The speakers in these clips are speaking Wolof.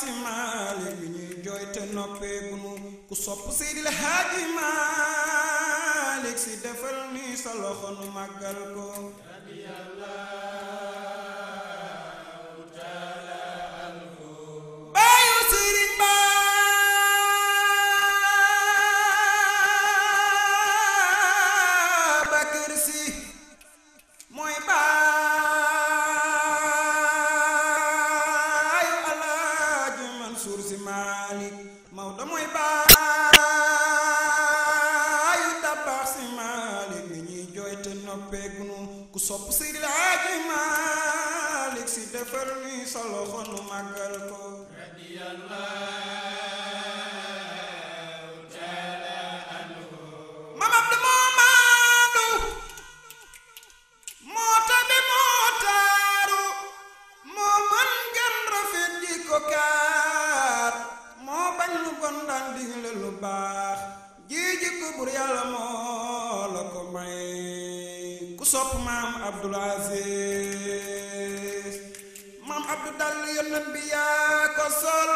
si maalik bi ñuy jooy te noppeegunu ku sopp seydil haaji maalik si defal ni sa loxo nu màggal ko yooyu te noppeegunu ku sopp Seydil Haaji Maalik Si defar nuy moo bañ lu bon daan digle lu baax jii jikko bur yàlla moo la ko may ku sopp maam Abdul Aziz maam Abdou dal yonent bi yaa ko sol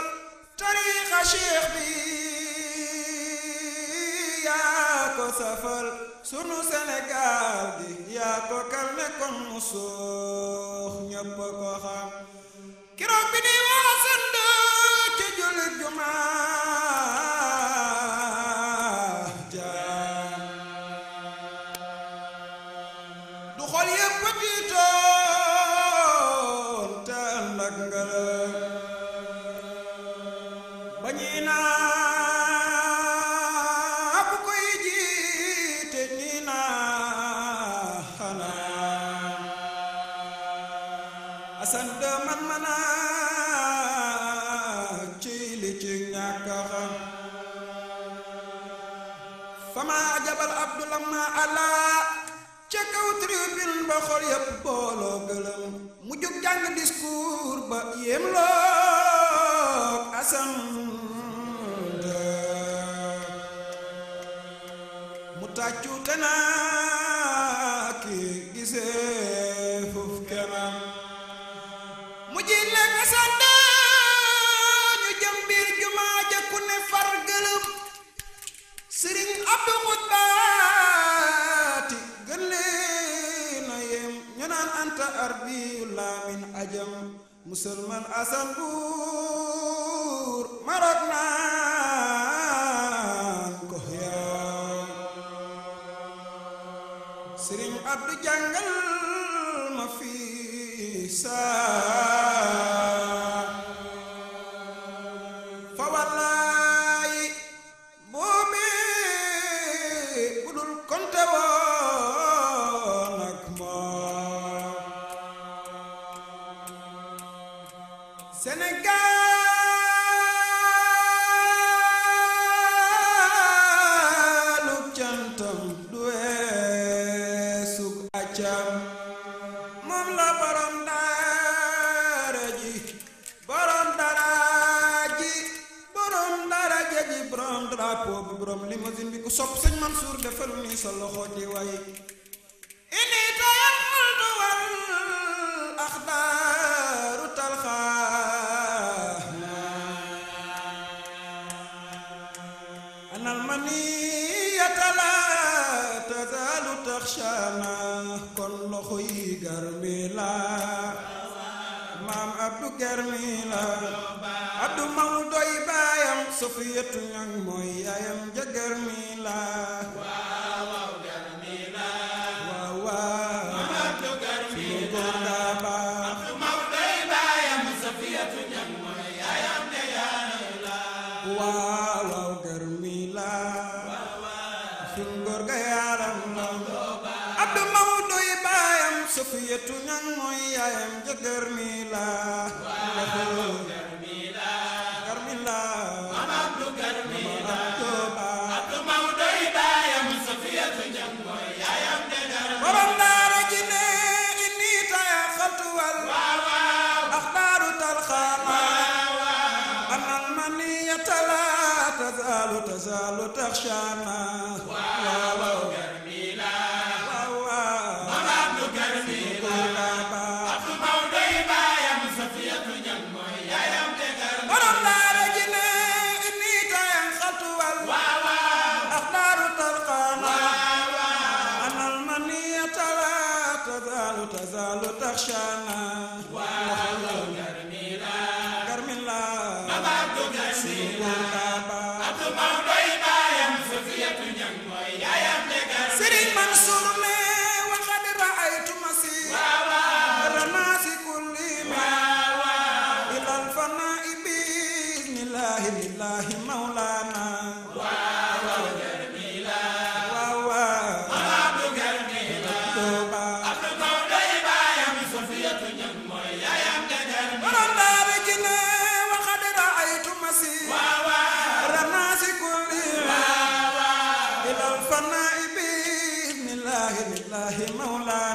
tariixa Cheikh bi yaa ko safal sunu Sénégal bi yaa ko kal ne kon mu suux ñépp ko xam kiroog bi di waa sënd ci jullit jumaa du xol yépp tiitoon te ànd ak ngelaw ba ñuy naa ku koy jiite ñuy naa xanaa asan de man manaa ci li ci ñàkk a xam fama jabal abdullah ma allah ca kaw tribune ba xol yépp booloo gëlëm mu jóg jàng discours ba yéem loog asam mu tàccu te naa ki gisee fuf kanam mu ji lekk sant ñu jëm biir jumaa ja ku ne far gëlëm sëriñ Abdou Xutba anta arbiyu la min ajam musulman asan buur marok naan ko yaa sëriñ abdu jàngal ma fi saa Sénégalu cantam du weesu moom la borom daara ji borom dara ji borom dara ji borom drapeau bi borom limousine bi ku sopp sëñ Mansour defal ni sa loxo di way xayata laa tazaalu taxshana kon loxo yi garmila maam Abdou garmila Abdou Maw doy baayam Sofiyatu ñang mooy yaayam ja garmila géttu ñang mooy yaayam ja garmila garmila garmila abdu garmila abdu mawdo yi baayam safiyatu ñang mooy yaayam ja garmila borom daara ji ne inni taya xatuwal axtaaru talxaama annal maniyata la tazalu tazalu taxshaana Abdou Maodo فنا بإذن الله لله مولانا